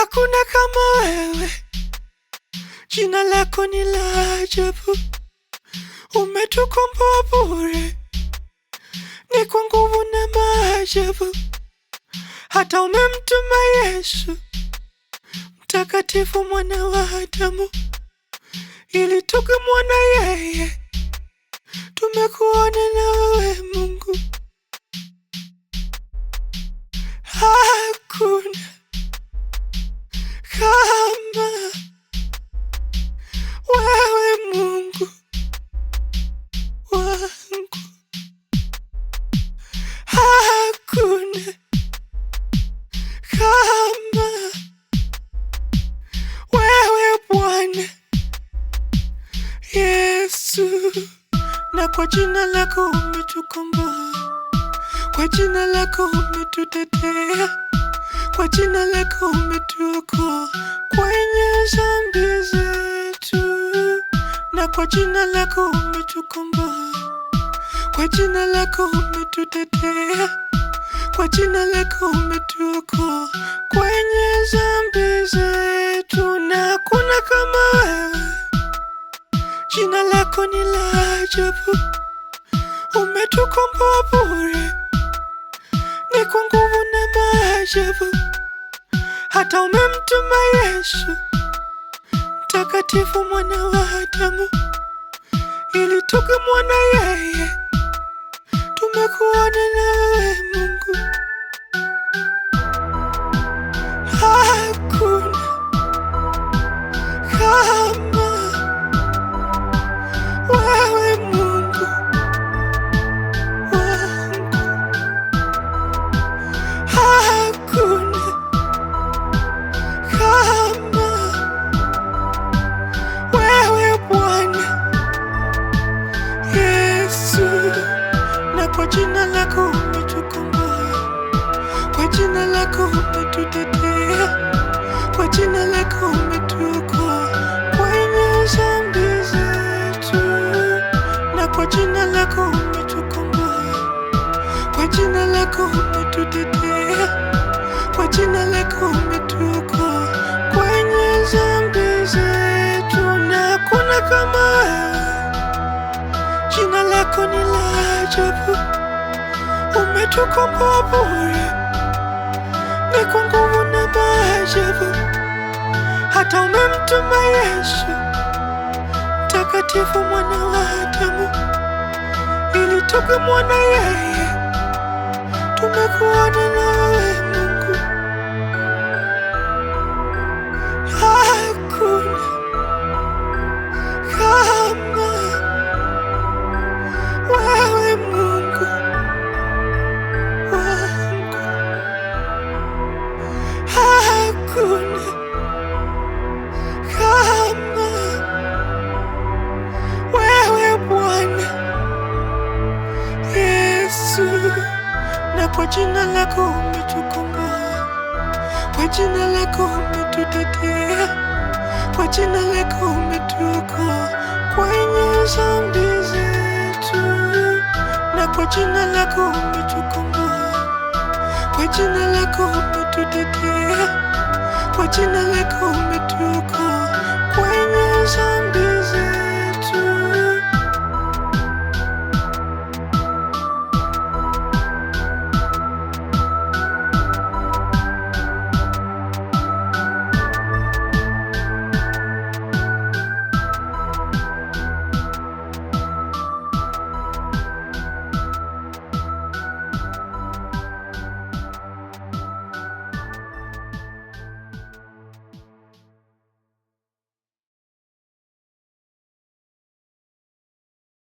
hakuna kama wewe, jina lako ni la ajabu, umetukomboa bure, ni kwa nguvu na maajabu, hata umemtuma Yesu mtakatifu, mwana wa Adamu, ili tukimwona yeye tumekuona na wewe Mungu. kama wewe Mungu wangu, hakuna kama wewe Bwana Yesu, na kwa jina lako umetukomboa, kwa jina lako umetutetea kwa jina lako umetuko kwenye zambi zetu, na kwa jina lako umetukomboa, kwa jina lako umetutetea, kwa jina lako umetuko kwenye zambi zetu, na kuna kama jina lako ni la ajabu, umetukomboa bure ni kwa nguvu ajabu, hata umemtuma Yesu mtakatifu, mwana wa Adamu, ili tukimwona yeye tumekuona na Mungu. lako umetukomboa, kwa jina lako umetutetea, kwa jina lako umetuokoa kwenye dhambi zetu, na kwa jina lako umetukomboa, kwa jina lako umetutetea, kwa jina lako umetuokoa kwenye dhambi zetu, na kuna kama jina lako ni la ajabu umetukomboa bure ni kwa nguvu na maajabu, hata umemtuma Yesu mtakatifu, mwana wa Adamu, ili tukamwona yeye, tumekuona nawe Yesu, na kwa jina lako umetukomboa, kwa jina lako umetutetea, kwa jina lako umetuokoa kwenye dhambi zetu, na kwa jina lako umetukomboa, kwa jina lako umetutetea, kwa jina lako umetuokoa